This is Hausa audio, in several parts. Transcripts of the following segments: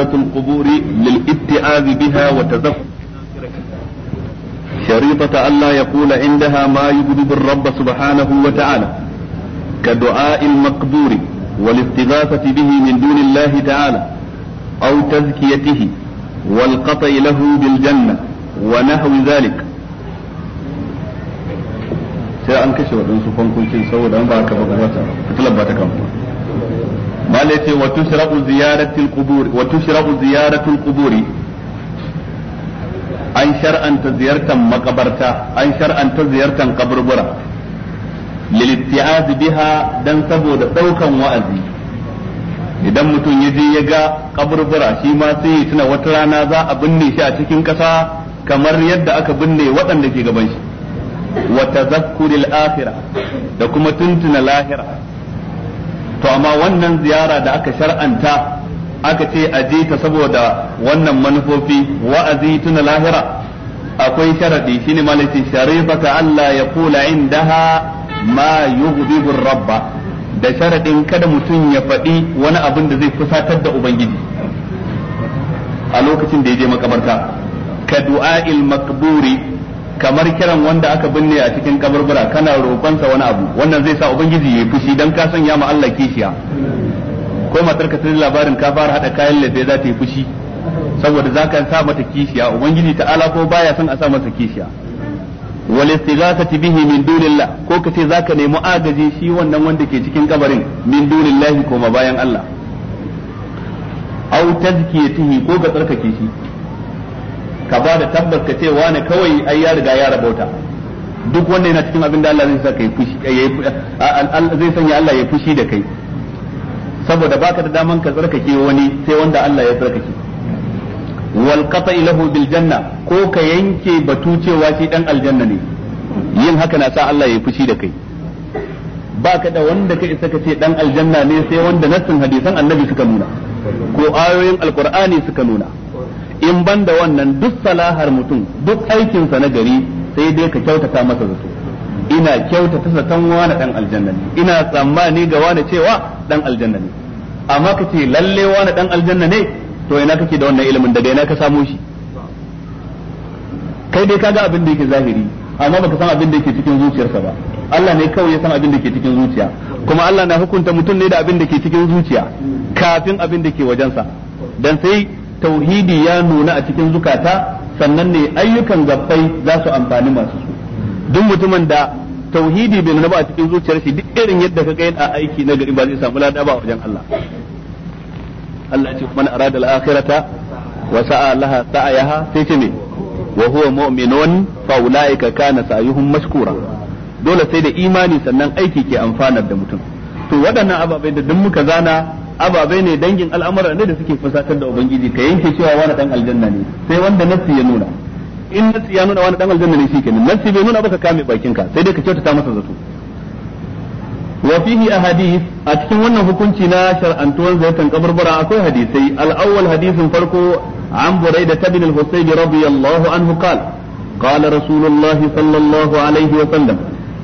القبور للاتعاذ بها وتذكر شريطة ألا يقول عندها ما يبدو الرب سبحانه وتعالى كدعاء المقبور والاستغاثة به من دون الله تعالى أو تزكيته والقطع له بالجنة ونحو ذلك sai an kashe waɗansu fankuncin saboda an ba malai ce wa tushra'u ziyaratul qubur wa tushra'u quburi an shar'anta ziyartar makabarta an shar'anta ziyartar kaburbura lilitti'az biha dan saboda daukan wa'azi idan mutum ya je ya ga kaburbura shi ma sai ya tuna wata rana za a binne shi a cikin kasa kamar yadda aka binne waɗanda ke gaban shi wa tazakkuril akhirah da kuma tuntuna lahira to amma wannan ziyara da aka shar'anta aka ce a je ta saboda wannan manufofi wa'azi tuna lahira akwai sharadi shine malaki sharifaka Allah ya kula indaha ma yughdibu rabba da sharadin kada mutum ya faɗi wani abin da zai fusatar da ubangiji a lokacin da ya je makabarta ka du'a'il makburi kamar kiran wanda aka binne a cikin kaburbura kana roƙonsa wani abu wannan zai sa ubangiji ya fushi dan ka sanya ma Allah kishiya ko matar ka tare labarin ka fara hada kayan lefe za ta yi fushi saboda za ka sa mata kishiya ubangiji ta'ala ko baya son a sa masa kishiya wal istighathati bihi min dunillah ko kace zaka nemi agaji shi wannan wanda ke cikin kabarin min dunillahi ko ma bayan Allah au tazkiyatihi ko ka tsarkake shi ka ba da tabbas ka ce wani kawai ai ya riga ya rabauta duk wanda yana cikin abin da Allah zai saka fushi zai sanya Allah ya fushi da kai saboda baka da daman ka tsarkake wani sai wanda Allah ya tsarkake wal qata'i lahu bil janna ko ka yanke batu cewa shi dan aljanna ne yin haka na sa Allah ya fushi da kai baka da wanda ka isa ka ce dan aljanna ne sai wanda nassin hadisan annabi suka nuna ko ayoyin alqur'ani suka nuna in ban da wannan duk salahar mutum duk aikinsa na gari sai dai ka kyautata masa zato ina kyautata zaton wani dan aljanna ne ina tsammani ga wani cewa dan aljanna ne amma ka ce lalle wani dan aljanna ne to ina kake da wannan ilimin daga ina ka samu shi kai dai kaga abin da yake zahiri amma baka san abin da yake cikin zuciyarsa ba Allah ne kawai ya san abin da ke cikin zuciya kuma Allah na hukunta mutum ne da abin da ke cikin zuciya kafin abin da ke wajensa dan sai tauhidi ya nuna a cikin zukata sannan ne ayyukan gabbai za su amfani masu su duk mutumin da tauhidi bai nuna ba a cikin zuciyar shi duk irin yadda ka ga a aiki na gari ba zai samu lada ba a wajen Allah Allah ya ce kuma arada al-akhirata wa sa'a laha sa'ayaha sai ce me wa huwa mu'minun fa ulaika kana sa'yuhum mashkura dole sai da imani sannan aiki ke amfanar da mutum to waɗannan ababai da duk muka zana ababai ne dangin al'amura ne da suke fusatar da ubangiji ka yanke cewa wani dan aljanna ne sai wanda nafsi ya nuna in nafsi ya nuna wani dan aljanna ne shikenan nafsi bai nuna ba ka kame bakinka sai dai ka kyautata masa zato wa fihi ahadith a cikin wannan hukunci na shar'antuwan zaitan kabarbara akwai hadisai al-awwal hadisin farko an da tabin al-husayb radiyallahu anhu qala qala rasulullah sallallahu alaihi wa sallam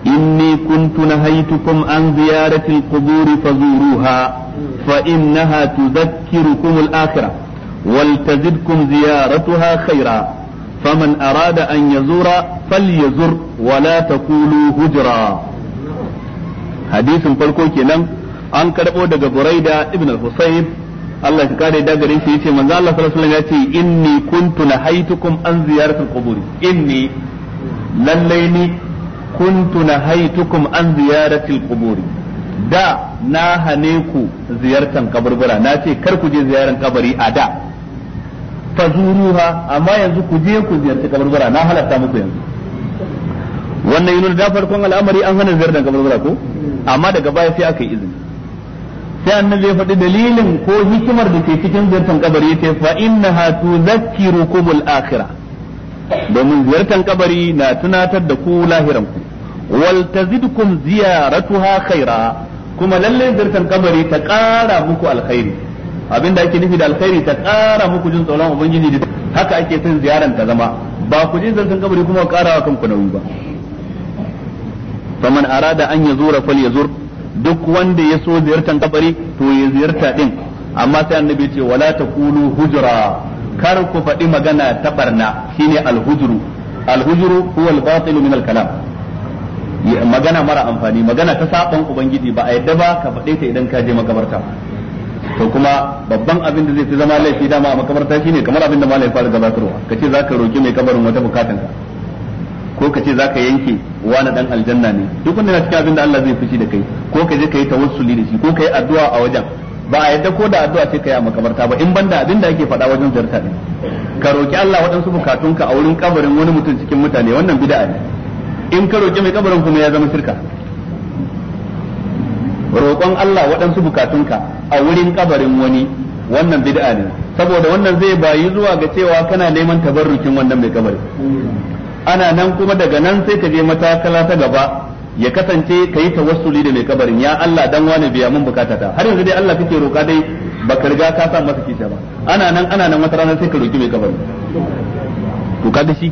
inni kuntu nahaytukum an ziyarati al-qubur fazuruha فإنها تذكركم الآخرة ولتزدكم زيارتها خيرا فمن أراد أن يزور فليزر ولا تقولوا هجرا حديث فرقو كنان an karɓo daga Buraida ibn al-Husayb Allah ya kare da gare shi yace manzo Allah sallallahu alaihi wasallam yace inni kuntu nahaitukum an ziyaratul qubur inni lallai ni kuntu nahaitukum an ziyaratil kuburi. da na hane ku ziyartar kaburbura na ce kar ku je ziyaran kabari a da ha amma yanzu ku je ku ziyarci kaburbura na halatta muku yanzu wannan yi da farkon al'amari an hana ziyartar kaburbura ko amma daga baya sai aka yi izini sai an ya faɗi dalilin ko hikimar da ke cikin ziyartar kabari yace fa innaha tuzakkirukumul akhirah domin ziyartar kabari na tunatar da ku lahiran ku wal ziyaratuha khaira kuma lalle zartan kabari ta ƙara muku alkhairi abinda ake nufi da alkhairi ta kara muku jin tsoron ubangiji da haka ake son ziyaran ta zama ba ku je zartan kabari kuma ƙara wa kanku nauyi ba faman arada an yazura fal yazur duk wanda ya so ziyartan kabari to ya ziyarta din amma sai annabi ce wala taqulu hujra kar ku faɗi magana ta barna shine alhujru alhujru huwa albatil min alkalam magana mara amfani magana ta saban ubangiji ba a yadda ba ka faɗe ta idan ka je makabarta to kuma babban abin da zai fi zama laifi dama a makabarta shine kamar abin da malai fara gabatarwa za zaka roki mai kabarin wata bukatan ka ko ka za zaka yanke wani dan aljanna ne duk wanda yana cikin abin da Allah zai fushi da kai ko ka je kai tawassuli da shi ko kai addu'a a wajen ba a yadda ko da addu'a ce kai a makabarta ba in banda abin da ake faɗa wajen zarta ne ka roki Allah waɗansu bukatunka a wurin kabarin wani mutum cikin mutane wannan bid'a ne in ka roƙi mai kabarin kuma ya zama shirka roƙon Allah waɗansu bukatunka a wurin kabarin wani wannan bid'a ne saboda wannan zai bayi zuwa ga cewa kana neman tabarrukin wannan mai kabari ana nan kuma daga nan sai ka je matakala ta gaba ya kasance ka yi tawassuli da mai kabarin ya Allah dan wani biya mun bukatata har yanzu dai Allah kake roƙa dai baka riga ka sa masa kisa ba ana nan ana nan wata rana sai ka roƙi mai kabarin to kaga shi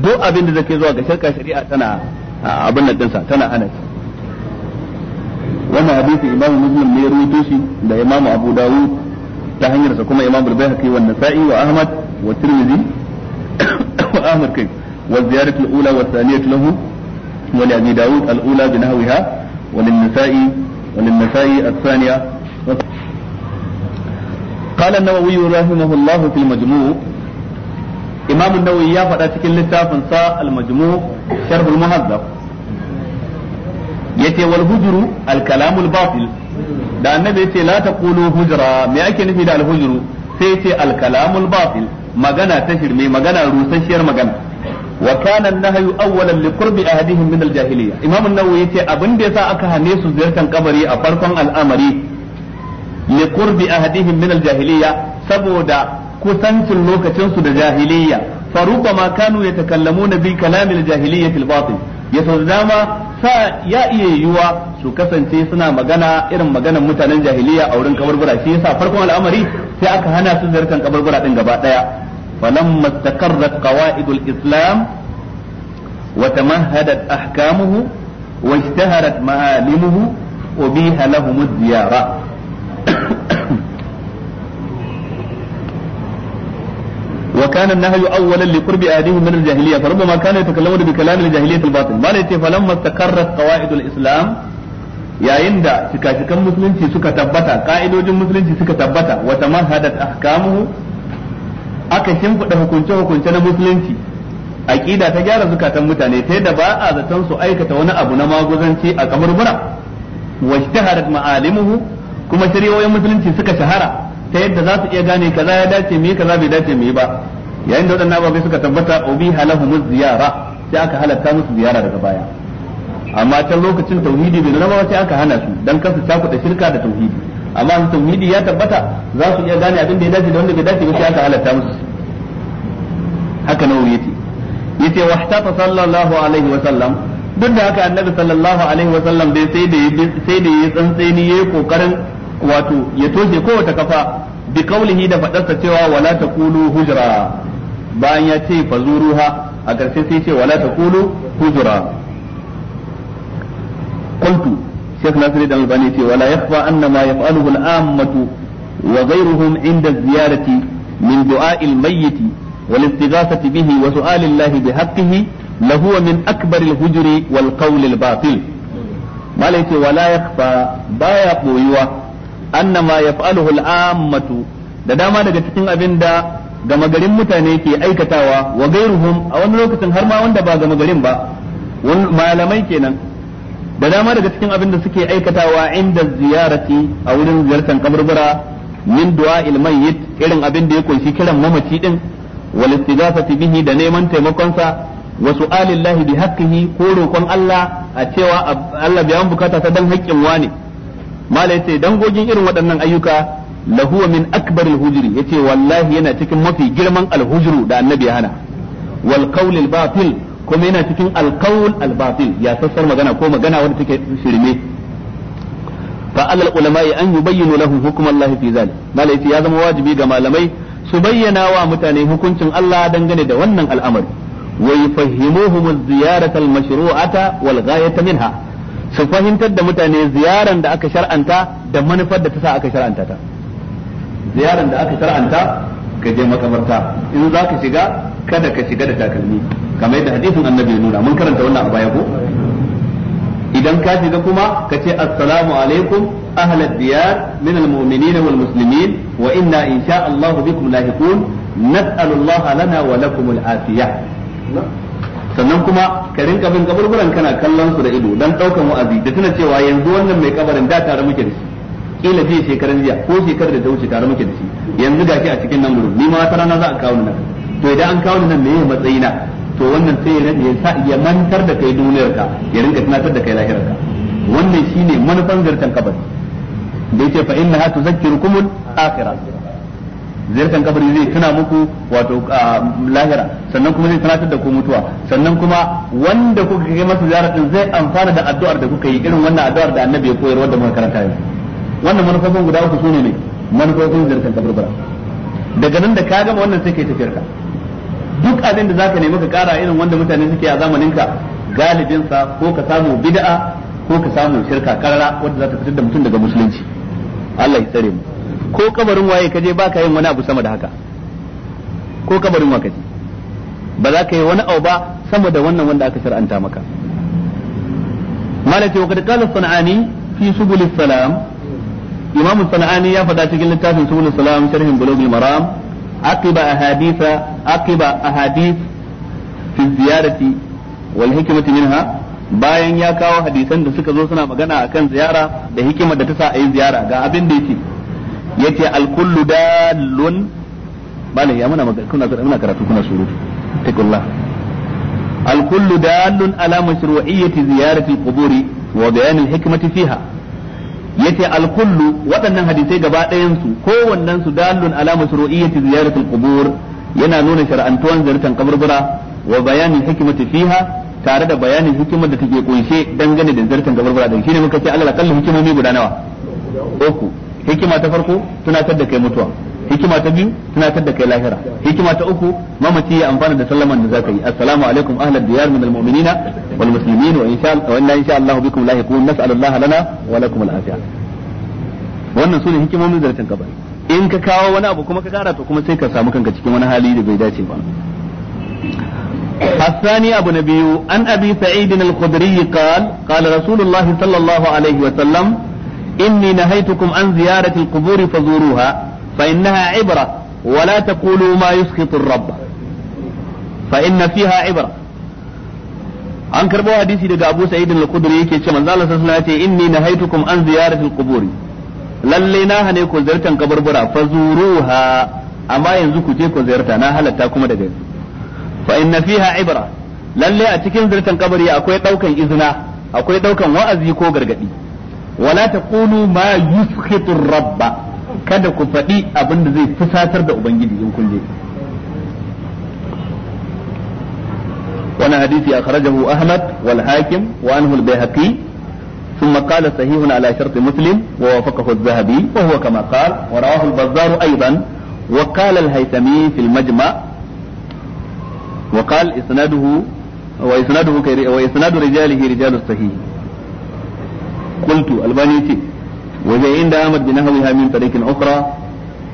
duk abin da zake zuwa ga shirka shari'a tana abin nan dinsa tana ana shi wannan hadisi imam muslim ne ya rawaito shi da imam abu dawud ta hanyar sa kuma imam al-baihaqi wa nasa'i wa ahmad wa tirmidhi wa ahmad kai wa ziyaratul ula wa thaniyatu lahu wa li abi dawud al-ula bi nahwiha wa lin nasa'i wa lin nasa'i al thaniya قال النووي رحمه الله في المجموع imam an-nawawi ya faɗa cikin littafin sa al-majmu' sharh al-muhazzab yace wal hujru al-kalam al-batil da annabi yace la taqulu hujra me ake nufi da al-hujru sai yace al-kalam al-batil magana ta shirme magana rusasshiyar magana wa kana an-nahyu awwalan li qurbi ahadihim min al-jahiliyya imam an-nawawi yace abin da yasa aka hane su ziyartar kabari a farkon al'amari li qurbi ahadihim min al-jahiliyya saboda kusancin lokacinsu da jahiliya faruka ma kanu na bi kalamin jahiliya al ya sau dama sa ya iya yiwuwa su kasance suna magana irin maganan mutanen jahiliya a wurin kabarbura shi yasa farkon al'amari sai aka hana su ziyartar kabarbura din gaba daya falam mastaqarrat qawaidul islam wa tamahhadat ahkamuhu wa ijtaharat ma'alimuhu ubiha lahum ziyara وكان النهي اولا لقرب اهلهم من الجاهليه فربما كان يتكلمون بكلام الجاهليه الباطل ما ليتي فلما استقرت قواعد الاسلام yayin da shika-shikan musulunci suka tabbata ka'idojin musulunci suka tabbata wa tamahadat ahkamuhu aka shimfiɗa hukunce-hukunce na musulunci aƙida ta gyara zukatan mutane ta yadda ba a zaton su aikata wani abu na maguzanci a kamar mura wajtaharat ma'alimuhu kuma shari'o'in musulunci suka shahara ta yadda za su iya gane kaza ya dace mu yi kaza bai dace mu yi ba yayin da waɗannan ababai suka tabbata ubi mu ziyara sai aka halatta musu ziyara daga baya amma can lokacin tauhidi bai zama sai aka hana su dan kansu cakuɗa shirka da tauhidi amma in tauhidi ya tabbata za su iya gane abin da ya dace da wanda bai dace ba sai aka halatta musu haka nawawi yace yace wa ihtafa sallallahu alaihi wa sallam duk da haka annabi sallallahu alaihi wa sallam bai sai da sai da ya tsantseni yayi kokarin wato ya toshe kowace kafa bi kaulihi da fadarsa cewa wala taqulu hujra bayan ya ce fazuruha a ƙarshe sai ce wala taqulu hujra qultu shaykh nasir dan albani ce wala yakhfa anna ma yaf'aluhu al wa ghayruhum inda ziyarati min du'a al-mayyit والاستغاثة به وسؤال الله بحقه لهو من أكبر الهجر والقول batil ما ce wala يخفى baya قويوه annama yaf'aluhu al'ammatu da dama daga cikin abin da gama garin mutane ke aikatawa wa gairuhum a wani lokacin har ma wanda ba gama garin ba malamai kenan da dama daga cikin abin da suke aikatawa inda ziyarati a wurin ziyartar kaburbura min du'a mayyit irin abin da ya kunshi kiran mamaci din wal istighafati bihi da neman taimakon sa wa su'alillahi bi haqqihi ko roƙon Allah a cewa Allah biyan bukata ta dan haƙƙin wani ne mala yace dangogin irin waɗannan ayyuka lahuwa min akbaril hujuri yace wallahi yana cikin mafi girman alhujuru da annabi ya hana wal qawlil batil kuma yana cikin alqawl al batil ya sassar magana ko magana wanda take shirme fa ulama ulama'i an yubayyinu lahu hukm Allah fi zalik mala yace ya zama wajibi ga malamai su bayyana wa mutane hukuncin Allah dangane da wannan al'amari wa yufahimuhum az-ziyarata al-mashru'ata wal ghayata minha su fahimtar da mutane ziyaran da aka shar'anta da manufar da ta sa aka shar'anta ta ziyaran da aka shar'anta ka je makabarta in za ka shiga kada ka shiga da takalmi kamar yadda hadisin annabi ya nuna mun karanta wannan a baya ko idan ka shiga kuma ka ce assalamu alaikum ahlal diyar min almu'minin wal muslimin wa inna insha Allah bikum lahiqun nas'alullaha lana wa lakum al-afiyah sannan kuma ka rinka bin kaburburan kana kallon su da ido dan daukan wa'azi da tana cewa yanzu wannan mai kabarin da tare muke da shi kila jiya shekaran jiya ko shekarar da ta wuce tare muke da shi yanzu ga shi a cikin nan gurin ni ma wata rana za a kawo nan to idan an kawo nan meye matsayina to wannan sai ya ya sa ya mantar da kai ka ya rinka tunatar da kai ka. wannan shine manufan zartan kabari da yake fa innaha tuzakkirukumul akhirah ziyartar kabari zai tuna muku wato lahira sannan kuma zai tunatar da ku mutuwa sannan kuma wanda kuka kai masa ziyara din zai amfana da addu'ar da kuka yi irin wannan addu'ar da annabi ya koyar wanda muka karanta yau wannan manufofin guda uku sune ne manufofin ziyartar bara daga nan da ka gama wannan sai kai tafiyar ka duk abin da zaka nemi ka kara irin wanda mutane suke a zamanin ka galibin sa ko ka samu bid'a ko ka samu shirka karara wanda za ta fitar da mutum daga musulunci Allah ya tsare mu ko kabarin waye ka je baka yin wani abu sama da haka ko kabarin wa ka je ba za ka yi wani abu ba sama da wannan wanda aka shar'anta maka malaka wa kad qala sanani fi subul salam imamu sanani ya faɗa cikin littafin subul salam sharhin bulugh maram aqiba ahaditha aqiba ahadith fi ziyarati wal hikmati minha bayan ya kawo hadisan da suka zo suna magana akan ziyara da hikimar da ta sa a yi ziyara ga abin da yake yace al kullu dalun malam ya muna kuna muna karatu kuna surutu taqullah al kullu dalun ala mashru'iyyati ziyarati al quburi wa bayan al hikmati fiha yace al kullu waɗannan hadisai gaba ɗayan su kowannen su dalun ala mashru'iyyati ziyarati al qubur yana nuna shar'antuwan zartan kaburbura wa bayanin hikmati fiha tare da bayanin hikimar da take kunshe dangane da zartan kaburbura din shine muka ce Allah kallu hikimomi guda nawa uku hikima ta farko tunatar da kai mutuwa hikima ta biyu tunatar da kai lahira hikima ta uku mamaci ya amfana da sallaman da zaka yi assalamu alaikum ahlal diyar min almu'minina wal muslimin wa insha Allah wa inna insha Allah bikum lahiqun nas'alullaha lana wa lakum al wannan sune hikimomin zartan kabari in ka kawo wani abu kuma ka kara to kuma sai ka samu kanka cikin wani hali da bai dace ba الثاني أبو نبي عن أبي سعيد الخدري قال قال رسول الله صلى الله عليه وسلم inni nahaitukum an ziyarati al-quburi fazuruha fa innaha ibra wa la taqulu ma yusqitu ar fa inna fiha ibra an karbo hadisi daga Abu Sa'id al-Khudri yake cewa manzo Allah sallallahu alaihi wasallam inni nahaitukum an ziyarati al-quburi lalle na hane ku ziyartan kaburbura fazuruha amma yanzu ku je ku ziyarta na halatta kuma daga yanzu fa inna fiha ibra lalle a cikin ziyartan kabari akwai daukan izina akwai daukan wa'azi ko gargadi wala taqulu ma yusqitu rabba kada ku faɗi abin da zai fusatar da ubangiji in kulle wani hadisi akhrajahu ahmad wal hakim wa anhu al bayhaqi ثم قال صحيح على شرط مسلم ووافقه الذهبي وهو كما قال ورواه البزار أيضا وقال الهيثمي في المجمع وقال إسناده وإسناده وإسناد رجاله رجال الصحيح qultu albani ce wajen inda ahmad bin nahwiha min tariqin ukhra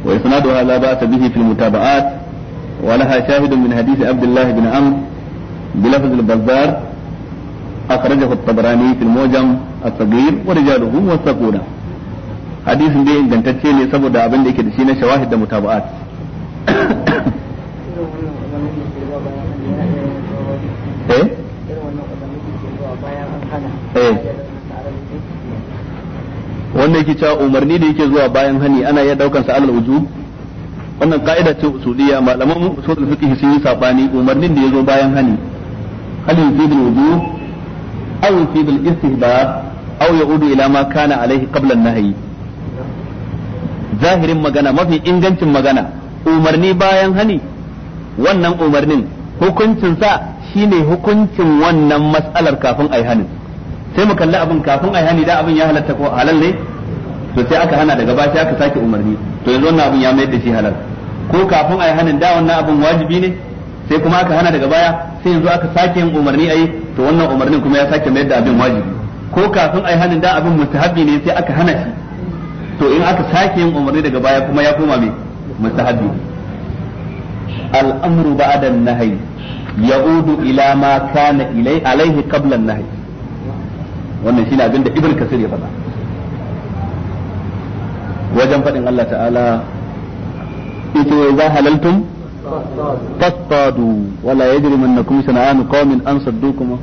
wa isnaduha la ba'sa bihi fil mutaba'at wa laha shahidun min hadith abdullah bin amr بلفظ البزار أخرجه الطبراني في المعجم الصغير ورجاله وثقونه hadisin dai ingantacce ne saboda abin da yake da shi na shawahid da mutaba'at wannan yake cewa umarni da yake zuwa bayan hani ana iya daukan sa alal wujub wannan ka'ida ce usuliyya malaman usulul fiqh sun yi sabani umarnin da yazo bayan hani hal yufidul wujub aw yufidul istihbab aw yaudu ila ma kana alaihi qabla an-nahyi zahirin magana mafi ingancin magana umarni bayan hani wannan umarnin hukuncin sa shine hukuncin wannan mas'alar kafin ai hani sai mu kalli abin kafin ai hani da abin ya halatta ko halal ne to sai aka hana daga baya sai aka sake umarni to yanzu wannan abun ya mai da shi halal ko kafin a yi hanin da wannan abun wajibi ne sai kuma aka hana daga baya sai yanzu aka sake yin umarni a to wannan umarnin kuma ya sake mai da abin wajibi ko kafin a yi hanin da abin mustahabi ne sai aka hana shi to in aka sake yin umarni daga baya kuma ya koma mai mustahabbi al'amru ba'da an-nahy ya'udu ila ma kana ilai alaihi qabla an-nahy wannan ne abin da ibn kasir ya faɗa wajen faɗin Allah ta'ala ita za halaltun fasfadu wala ya na yajrimannakum sana'an qaumin an saddukum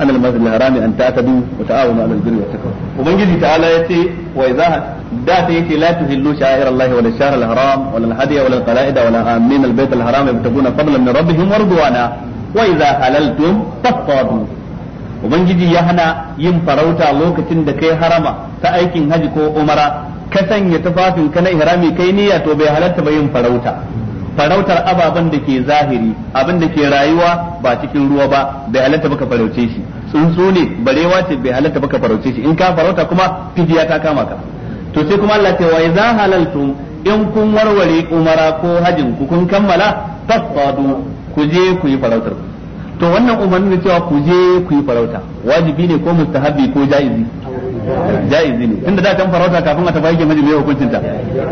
an al laharami an ta an ta'tadu wa ta'awunu 'alal birri wat taqwa ubangiji ta'ala yace wa idha da ta yace la tuhillu sha'ir Allah wala shahr al-haram wala al-hadiya wala al-qala'ida wala amin al-bayt al-haram yabtaguna fadlan min rabbihim wa ridwana wa idha halaltum fasfadu ubangiji ya hana yin farauta lokacin da kai harama ta aikin haji ko umara ka sanya tufafin ka na ihrami kai niyya to bai halatta ba yin farauta farautar ababen da ke zahiri abin da ke rayuwa ba cikin ruwa ba bai halatta baka farauce shi tsuntsu ne barewa ce bai halatta baka farauce shi in ka farauta kuma fidiya ta kama ka to sai kuma Allah ce wa idza halaltum in kun warware umara ko hajin ku kun kammala fasadu ku je ku yi farautar to wannan umarni ne cewa ku je ku yi farauta wajibi ne ko mustahabi ko jaizi jaizi ne tunda da can farauta kafin a tafi aikin mai hukuncin ta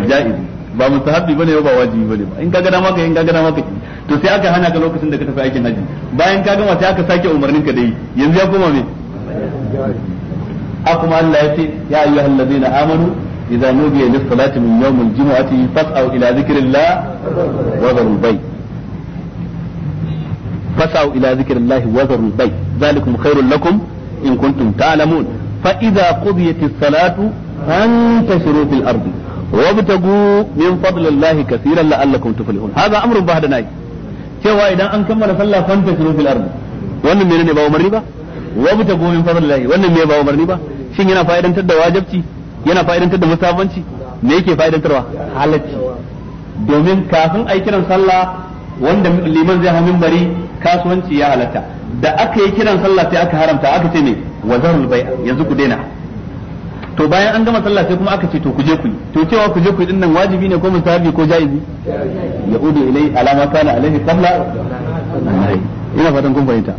jaizi ba mustahabbi bane ba wajibi bane ba in ka gada maka in ka gada maka to sai aka hana ka lokacin da ka tafi aikin haji bayan ka gama sai aka sake umarnin ka dai yanzu ya koma me akuma Allah ya ce ya ayyuhal ladina amanu idza nudiya lis salati min yawmil jumu'ati fas'u ila dhikrillah wa dharul bay fas'u ila dhikrillah wa dharul bay dhalikum khairul lakum in kuntum ta'lamun فإذا قضيت الصلاة فانتشروا في الأرض وابتغوا من فضل الله كثيرا لعلكم تفلحون هذا أمر بعد ناي cewa idan an kammala sallah fanta su fil ardi wannan menene ne ba umarni ba wa buta go min wannan me ba umarni ba yana fa'idantar da wajibci yana fa'idantar da musabanci domin kafin ai kiran sallah wanda liman zai hamin bari kasuwanci ya halatta da aka yi kiran sallah sai aka haramta aka ce me zarul bai'a yanzu ku daina to bayan an gama sallah sai kuma aka ce to ku je ku yi to cewa ku je ku yi din nan wajibi ne ko mustahabi ko jaizi udu ilai alama kana alaihi qabla ina fatan kun fahimta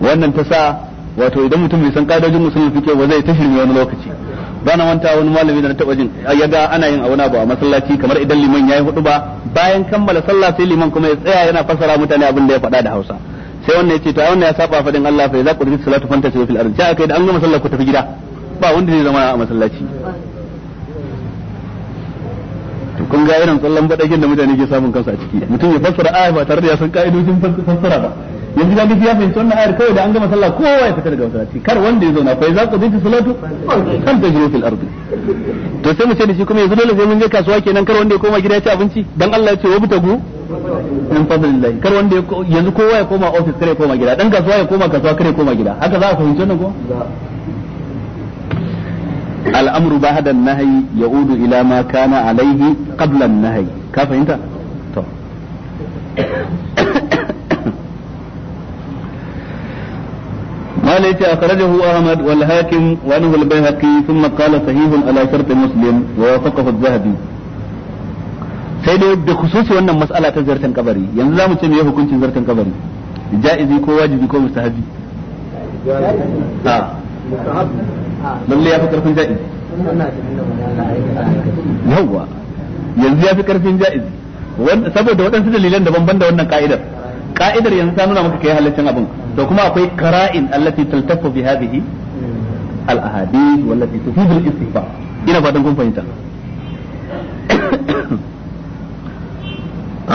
wannan ta sa wato idan mutum bai san kaidojin musulmi fike ba zai ta shirme wani lokaci bana wanta wani malami da na taba jin ya ga ana yin auna ba a masallaci kamar idan liman yayi hudu ba bayan kammala sallah sai liman kuma ya tsaya yana fasara mutane abin da ya faɗa da Hausa sai wannan yace to wannan ya saba fadin Allah fa ku qudiyat salatu fantashu fil ardi sai kai da an gama sallah ku tafi gida ba wanda zai zama a masallaci to kun ga irin tsallan badakin da mutane ke samun kansu a ciki mutum ya fassara aya ba tare da ya san ka'idojin fassara ba yanzu ga ya fahimci wannan ayar kawai da an gama sallah kowa ya fita daga masallaci kar wanda ya zauna fa za zaku dinki salatu kan ta jiro fil ardi to sai mu ce da shi kuma yanzu dole sai mun je kasuwa kenan kar wanda ya koma gida ya ci abinci dan Allah ya ce tagu min fadlillah kar wanda yanzu kowa ya koma office kare koma gida dan kasuwa ya koma kasuwa kare koma gida haka za a fahimci wannan ko al'amru ba hadan nahyi ya ila ma kana alaihi qabla nahyi ka fahimta to ما ليت أخرجه أحمد والهاكم وأنه البيهقي ثم قال صحيح على شرط مسلم ووافقه الذهبي sai dai da khususi wannan mas'ala ta zartan kabari yanzu zamu ce meye hukuncin zartan kabari ja'izi ko wajibi ko mustahabi a lalle ya karfin ja'izi yawwa yanzu ya fi karfin ja'izi saboda waɗansu dalilan daban ban da wannan ka'idar ka'idar yanzu ta nuna maka kai halaccin abin to kuma akwai qara'in allati taltafu bi hadhihi al ahadith wallati tufidu al istihba ina fatan kun fahimta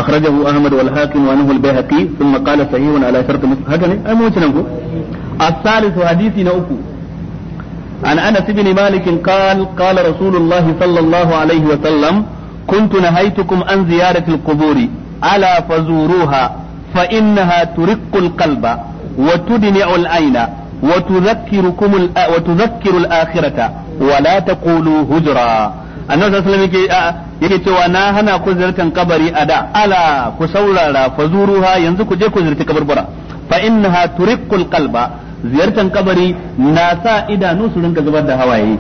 أخرجه أحمد والحاكم وأنه البيهقي ثم قال صحيح على شرط مسلم هكذا أي موجه نقول الثالث حديث نوكو عن أنس بن مالك قال قال رسول الله صلى الله عليه وسلم كنت نهيتكم عن زيارة القبور ألا فزوروها fa kalba turiqqul qalba wa tudni'ul aina wa tudhakkirukum wa tudhakkiru akhirata wa la hujra annabi sallallahu alaihi wasallam yake cewa na hana ku ziyartar kabari a da ala ku saurara fa zuruha yanzu ku je ku ziyarci kabarbura fa innaha turiqqul qalba ziyartar kabari na sa idanu su rinka zubar da hawaye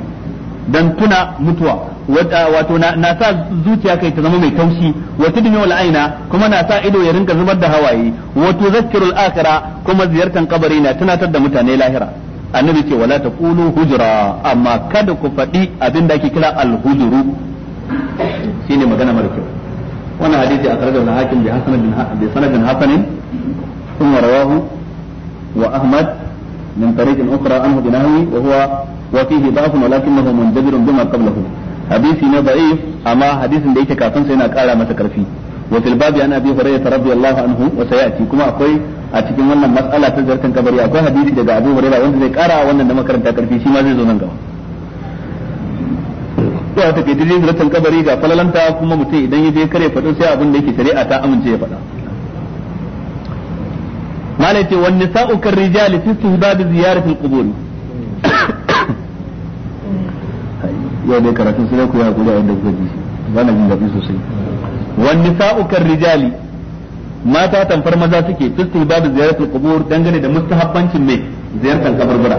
dan tuna mutuwa wato na sa zuciya kai ta zama mai taushi wa tudmi wal aina kuma na sa ido ya rinka zubar da hawaye wato tuzakkirul akhira kuma ziyartan kabari na tunatar da mutane lahira annabi ce wala taqulu hujra amma kada ku faɗi abin da ake kira al hujuru shine magana mara kyau wannan hadisi a karjar hakim bi hasan bi sanadin hasanin thumma rawahu wa ahmad min tariq ukhra anhu binahi wa huwa وفيه ضعف ولكنه منجبر بما قبله hadisi na da'if amma hadisin da yake kafin sa yana kara masa karfi wa fil babi ana bi hurairah radiyallahu anhu wa sayati kuma akwai a cikin wannan mas'ala ta zartan kabari akwai hadisi daga Abu Hurairah wanda zai kara wannan da makaranta karfi shi ma zai zo nan gaba to ta ke dalilin zartan kabari ga falalanta kuma mutum idan ya je kare fadin sai abin da yake shari'a ta amince ya faɗa ce wan nisa'u kar babu fi istihbab yau dai karatun sai ku yi hakuri a yadda kuka ji shi ba na jin daɗi sosai wan nisa'u rijali mata tamfar maza suke fisti babu ziyaratul qubur dangane da mustahabbancin mai ziyartar kaburbura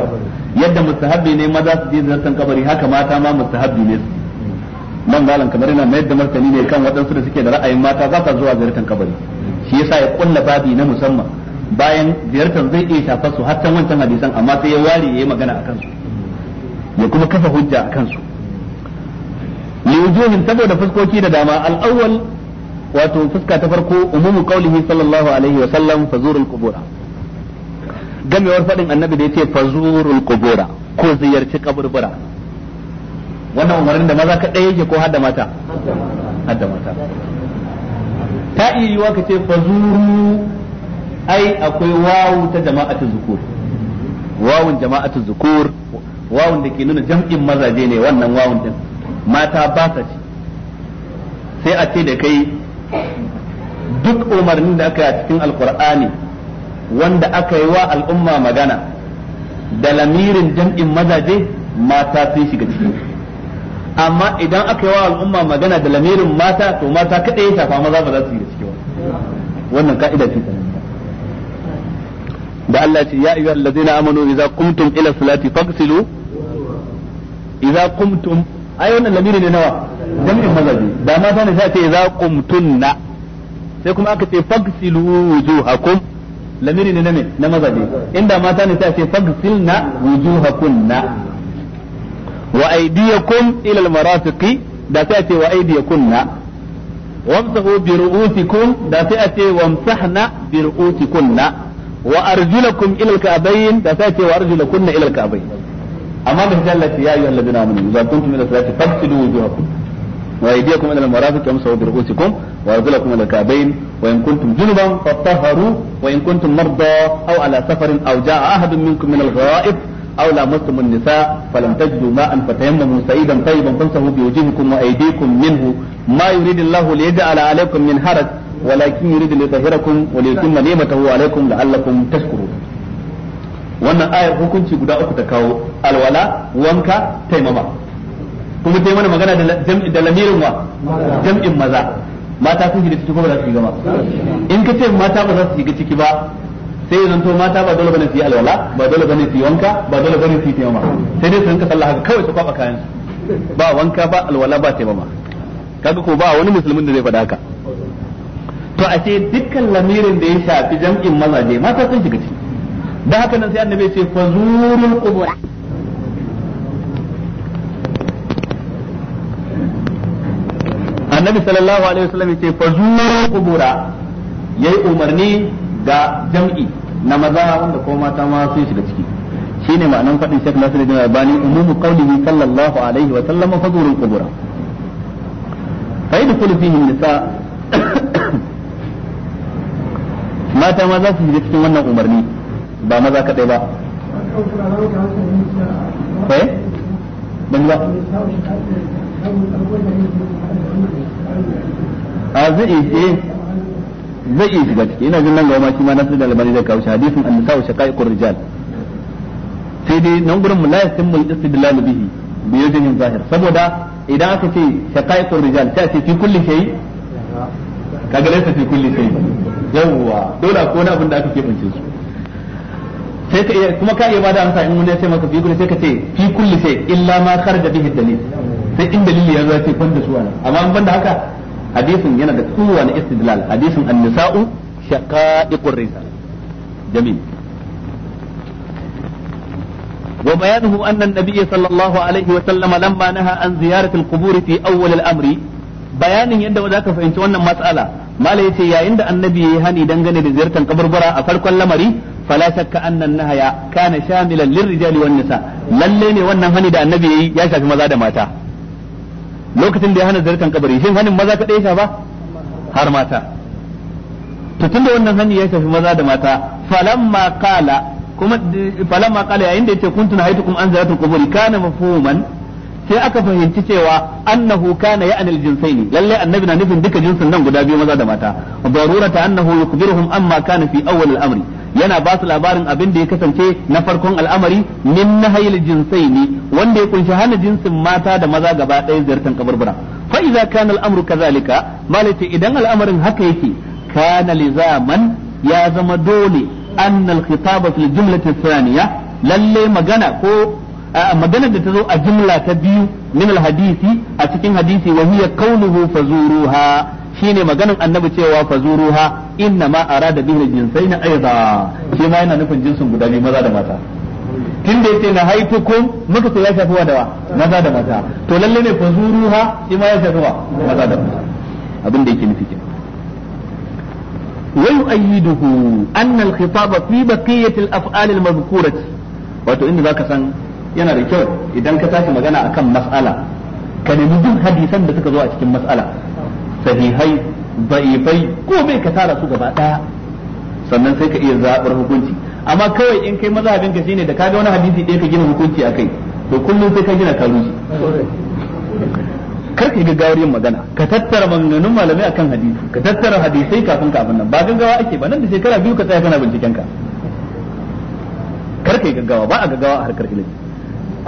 yadda mustahabbi ne maza su je ziyartar kabari haka mata ma mustahabbi ne su nan malam kamar yana mayar da martani ne kan waɗansu da suke da ra'ayin mata za su zuwa ziyartar kabari shi yasa ya kulla babi na musamman bayan ziyartar zai iya shafar su har wancan hadisan amma sai ya ware ya yi magana a kansu ya kuma kafa hujja a kansu liwujuhin saboda fuskoki da dama al-awwal wato fuska ta farko umumu qaulihi sallallahu alaihi wa sallam fazurul qubura gamewar fadin annabi da yace fazurul qubura ko ziyarci kaburbura wannan umarnin da maza kadai yake ko hadda mata hadda mata ta iya yiwa ka ce fazuru ai akwai wawu ta jama'atu zukur wawun jama'atu zukur wawun da ke nuna jam'in mazaje ne wannan wawun din mata ba sa ci sai a ce da kai duk umarnin da aka yi a cikin alkur'ani wanda aka yi wa al'umma magana da lamirin jam'in mazaje mata sun shiga ciki amma idan aka yi wa al'umma magana da lamirin mata to mata kaɗai ya shafa maza ba za su shiga da ciki wannan ka'ida ce da Allah ce ya ayyuhal ladina amanu idza qumtum ila salati fagsilu idza qumtum ai wannan lamiri ne nawa jam'in mazaji da mata ne sai ce za qumtunna sai kuma aka ce fagsilu wujuhakum lamiri ne na me na mazaji inda mata ne sai ce fagsilna wujuhakunna wa aydiyakum ila almarafiqi da sai ce wa aydiyakunna wamsahu bi ru'usikum da sai ce wamsahna bi ru'usikunna wa arjulakum ila alka'bayn da sai ce wa arjulakunna ila alka'bayn amma da hidda Allah ya ayyuhal ladina amanu idza kuntum ila salati faqsidu wujuhakum wa aydiyakum ila al-marafiq wamsahu bi ru'usikum wa arjulakum ila al-ka'bayn wa in kuntum junuban fatahharu wa in kuntum marda aw ala safarin aw jaa'a ahadun minkum min al-gha'ib أو لامستم النساء فلم تجدوا ماء فتيمموا سعيدا طيبا فامسحوا بوجوهكم وأيديكم منه ما يريد الله ليجعل عليكم من حرج ولكن يريد ليطهركم وليتم نعمته عليكم لعلكم تشكرون wannan ayar hukunci guda uku ta kawo alwala wanka taimama kuma ta mana magana da lamirin wa jam'in maza mata sun shiga ciki ko ba za su shiga ba in ka ce mata ba za su shiga ciki ba sai ya zanto mata ba dole bane su yi alwala ba dole bane su yi wanka ba dole bane su yi taimama sai dai su rinka sallah haka kawai su kwaba kayan ba wanka ba alwala ba taimama kaga ko ba wani musulmin da zai faɗa haka to a ce dukkan lamirin da ya shafi jam'in maza ne mata sun shiga ciki da haka nan sai annabi ya ce fa zurul qubur annabi sallallahu alaihi wasallam ya ce fa zurul qubura yayi umarni ga jam'i na maza wanda ko mata ma sun shiga ciki shine ma'anan fadin Sheikh Nasiruddin Albani umumu qawlihi sallallahu alaihi wa sallam fa zurul qubura fa yadkhulu fihi nisa mata ma za su shiga cikin wannan umarni ba maza kadai ba eh ban ba a zai eh zai yi shiga ciki ina jin nan gaba shi ma na sirri da albani zai kawo shi hadisin an-nisa'u shaqaiqur rijal sai dai nan gurin mu la su istidlal bihi bi yadin zahir saboda idan aka ce shaqaiqur rijal sai ce fi kulli ka kaga laysa fi kulli shayi yawwa dole a na abin da aka kebance su sai ka iya kuma ka iya bada amsa in wani ya ce maka sai ka ce fi kulli sai illa ma da bihi dalil sai in dalili ya zo ya ce banda su wannan amma ban da haka hadisin yana da kowa na istidlal hadisin an-nisa'u shaqa'iqur rijal jamil وبيانه أن النبي صلى الله عليه وسلم لما نهى عن زيارة القبور في أول الأمر bayanin yadda za ka fahimci wannan matsala mala yace yayin da annabi ya hani dangane da ziyartar kabarbara a farkon lamari fala shakka annan nahaya kana shamilan lirrijali wan nisa lalle ne wannan hani da annabi ya shafi maza da mata lokacin da ya hana zartan kabari shin hanin maza kadai shafa har mata to tunda wannan hani ya shafi maza da mata falamma qala kuma falamma qala yayin da yace kuntu nahaytukum an zaratul qubur kana mafhuman sai aka fahimci cewa annahu kana ya'ni al-jinsaini lalle annabi na nufin duka jinsin nan guda biyu maza da mata darurata annahu yukhbiruhum amma kana fi awwal al-amri yana ba su labarin abin da ya kasance na farkon al'amari min nahayil ne wanda ya kunshi hana jinsin mata da maza gaba ɗaya ziyartar kaburbura fa idza kana al'amru kazalika malati idan al'amarin haka yake kana lizaman ya zama dole an al-khitab fi jumlati thaniya lalle magana ko magana da ta zo a jumla ta biyu min al-hadisi a cikin hadisi wa hiya qawluhu fazuruha shine maganin annabi cewa fazuruha inna ma arada bihi jinsain aiza shi ma yana nufin jinsin guda biyu maza da mata tun da yace na haitukum muka ce ya shafi wa dawa maza da mata to lalle ne fazuruha shi ma ya shafi wa maza da mata abin da yake nufi kenan ويؤيده fi الخطاب في بقية الأفعال المذكورة wato inda zaka san yana da kyau idan ka tashi magana akan mas'ala ka nemi duk hadisan da suka zo a cikin mas'ala sahihai da'ifai ko bai ka tara su gaba daya sannan sai ka iya zabar hukunci amma kawai in kai mazhabin ka shine da ka ga wani hadisi ɗaya ka gina hukunci akai to kullum sai ka gina ka kar ka yi gaggawar yin magana ka tattara maganganun malamai akan hadisi ka tattara hadisai kafin ka abin nan ba gaggawa ake ba nan da shekara biyu ka tsaya kana binciken ka kar ka yi gaggawa ba a gaggawa a harkar ilimi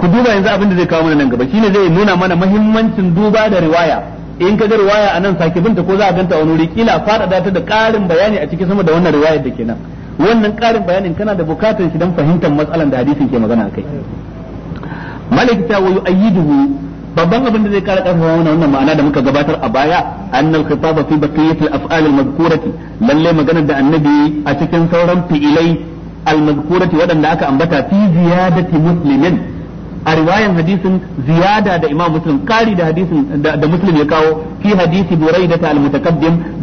ku duba yanzu abin da zai kawo mana nan gaba shine zai nuna mana muhimmancin duba da riwaya in ka ga riwaya anan sake binta ko za a ganta wani wuri kila faɗaɗa ta da ƙarin bayani a cikin sama da wannan riwayar da kenan wannan ƙarin bayanin kana da bukatar shi don fahimtar matsalar da hadisin ke magana kai. malik ta wayu ayyiduhu babban abin da zai kara karfafa wannan wannan ma'ana da muka gabatar a baya annal khitaba fi baqiyati al-af'al al-madhkurati lalle magana da annabi a cikin sauran fi'ilai al-madhkurati waɗanda aka ambata fi ziyadati muslimin a riwayan hadisin ziyada da imam muslim kari da hadisin da muslim ya kawo fi hadisi buraida ta al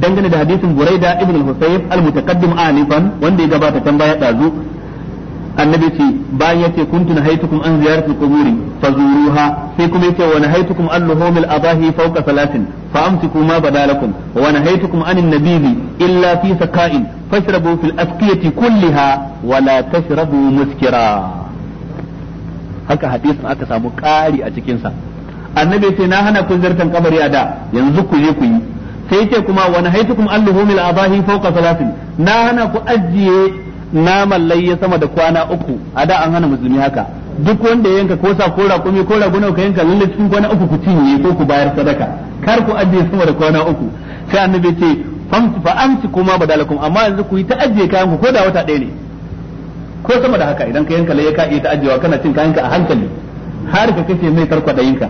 dangane da hadisin buraida ibn al-husayb al-mutakaddim anifan wanda ya gabata can baya dazu annabi ce bayan yace kuntu nahaitukum an ziyarati quburi fazuruha sai kuma yace wa nahaitukum an luhumil adahi fawqa salatin fa amsiku ma badalakum wa nahaitukum anin nabili illa fi saka'in fashrabu fil asqiyati kulliha wa la tashrabu muskira haka hadisin aka samu ƙari a cikinsa annabi ce na hana kun zartan kabari a da yanzu ku je ku yi sai ce kuma wani haitukum alluhumil abahi fawqa salatin na hana ku ajiye naman layya sama da kwana uku a da an hana musulmi haka duk wanda ya yanka ko sa ko raƙumi ko raguna ka yanka lalle cikin kwana uku ku cinye ko ku bayar sadaka kar ku ajiye sama da kwana uku sai annabi ce fa amsi kuma badalakum amma yanzu ku yi ta ajiye kayan ku ko da wata ɗaya ne ko sama da haka idan ka yanka laye ka iya ta ajiyewa kana cin kayanka a hankali har ka kace mai tarkwadayinka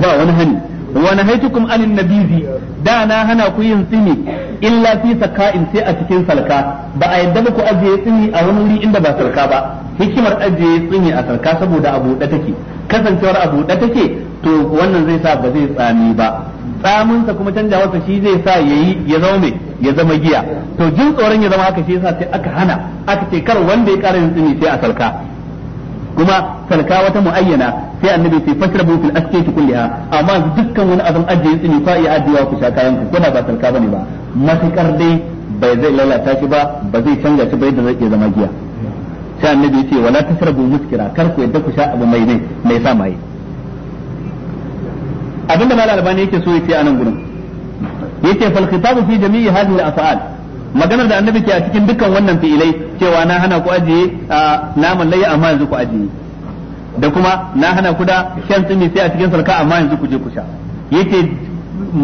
ba wani hani wa nahaytukum anin nabizi da na hana ku yin tsini illa fi saka'in sai a cikin salka ba a yadda ku ajiye tsini a wani wuri inda ba salka ba hikimar ajiye tsini a salka saboda abu da take kasancewar abu da take to wannan zai sa ba zai tsami ba tsaminsa kuma wasa shi zai sa yayi ya zama mai ya zama giya to jin tsoron ya zama haka shi yasa sai aka hana aka ce kar wanda ya kara yin tsini sai a salka kuma salka wata muayyana sai annabi sai fashrabu aske askati kulliha amma dukkan wani abin ajiye tsini fa ya ajiyewa ku sha kayan ku ko ba salka bane ba matakar dai bai zai lalata shi ba ba zai canja shi ba yadda zai zama giya sai annabi ya ce wala tashrabu muskira kar ku yadda ku sha abu mai mai mai sa mai abinda mal albani yake so yace ce anan gurin yace fal khitabu fi jami'i hadhihi al-af'al maganar da annabi ke a cikin dukkan wannan fi'ilai cewa na hana ku ajiye naman layya amma yanzu ku ajiye da kuma na hana ku da shan tsimi sai a cikin sarka amma yanzu ku je ku sha yace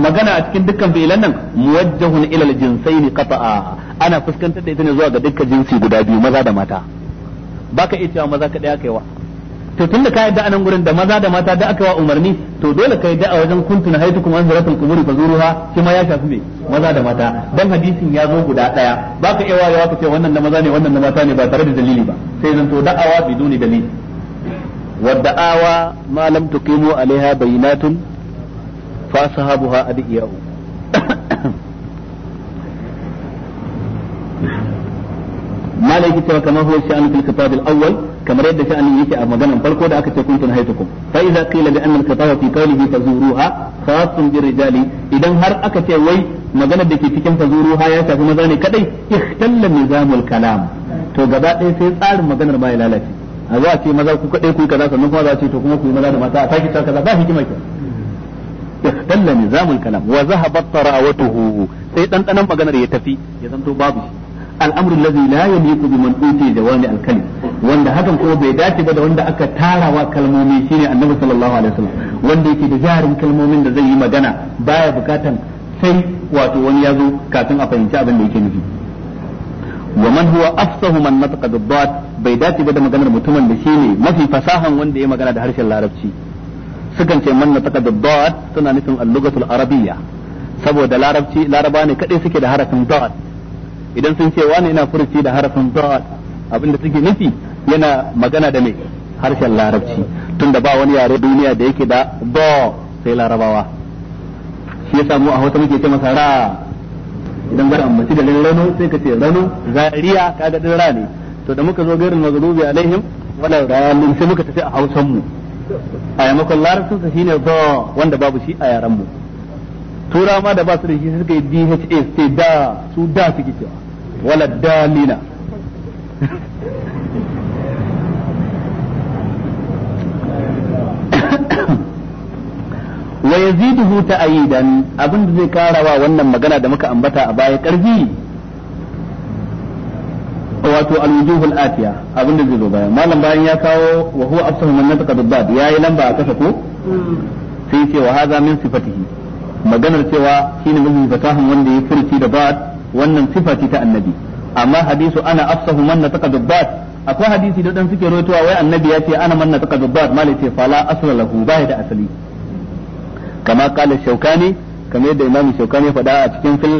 magana a cikin dukkan fi'ilan nan muwajjahun ila al-jinsaini qata'a ana fuskantar da ita ne zuwa ga dukkan jinsi guda biyu maza da mata baka iya cewa maza ka daya yi wa to tunda ka yadda anan gurin da maza da mata da aka wa umarni to dole ka yadda a wajen kuntuna haitukum an zaratul fa fazuruha shi ma ya shafi me maza da mata dan hadisin ya zo guda daya baka iya wayewa ka ce wannan da maza ne wannan da mata ne ba tare da dalili ba sai zan to da'awa biduni dalili ma lam tuqimu alaiha عليها fa sahabuha adiyahu malai yake cewa kamar huwa sha'an fil awwal kamar yadda sha'anin yake a maganan farko da aka ce kuntum haytukum fa idza qila bi anna al kitab fi qawlihi fazuruha khassun bi rijali idan har aka ce wai maganar da ke cikin fazuruha ya shafi maza ne kadai ikhtalla nizamul kalam to gaba sai tsarin maganar ma ya lalace a za a ce maza ku kadai ku kaza sannan kuma za a ce kuma ku maza da mata a kaza ba kalam sai dandanan maganar ya tafi ya babu al'amrul ladhi la yaliqu bi man utiya jawami wanda hakan kuma bai dace ba da wanda aka tara wa kalmomi shine annabi sallallahu alaihi wasallam wanda yake da jarin kalmomin da zai yi magana baya bukatan sai wato wani ya zo kafin a fahimci abin da yake nufi wa man huwa afsahu man nataqa bid bai dace ba da maganar mutumin da shine mafi fasahan wanda ya magana da harshen larabci sukan ce man nataqa bid suna nufin al-lughatul arabiyya saboda larabci laraba ne kadai suke da harafin dad idan sun ce wani yana furuci da harafin dal abinda suke nufi yana magana da mai harshen larabci tunda ba wani yare duniya da yake da do sai larabawa shi yasa mu a hausa muke ce masa ra idan bar ambaci da rano sai ka ce rano zariya ga din ra ne to da muka zo garin maghdubi alaihim wala ralin sai muka tafi a hausan mu a yamakon larabcin sa shine do wanda babu shi a yaran mu turawa ma da ba su da shi suka yi dha sai da su da suke cewa ولا الدالين ويزيده تأييدا أبن ذكارة وأن مجانا دمك أنبتا أباي كرزي واتو الوجوه الآتية أبن ذكارة ما لم بأن يكاو وهو أبصه من نطق الضباد يا إلم بأ كشكو في سوى هذا من صفته مجانا سوى حين من صفتهم وأن يفرسي الضباد wannan sifa ce ta annabi amma hadisu ana afsahu man nataka dubbat akwai hadisi da dan suke rawaitowa wai annabi ya ce ana man nataka dubbat malai ce fala asla lahu bai da asali kama kala shaukani kamar yadda imamu shaukani faɗa a cikin fil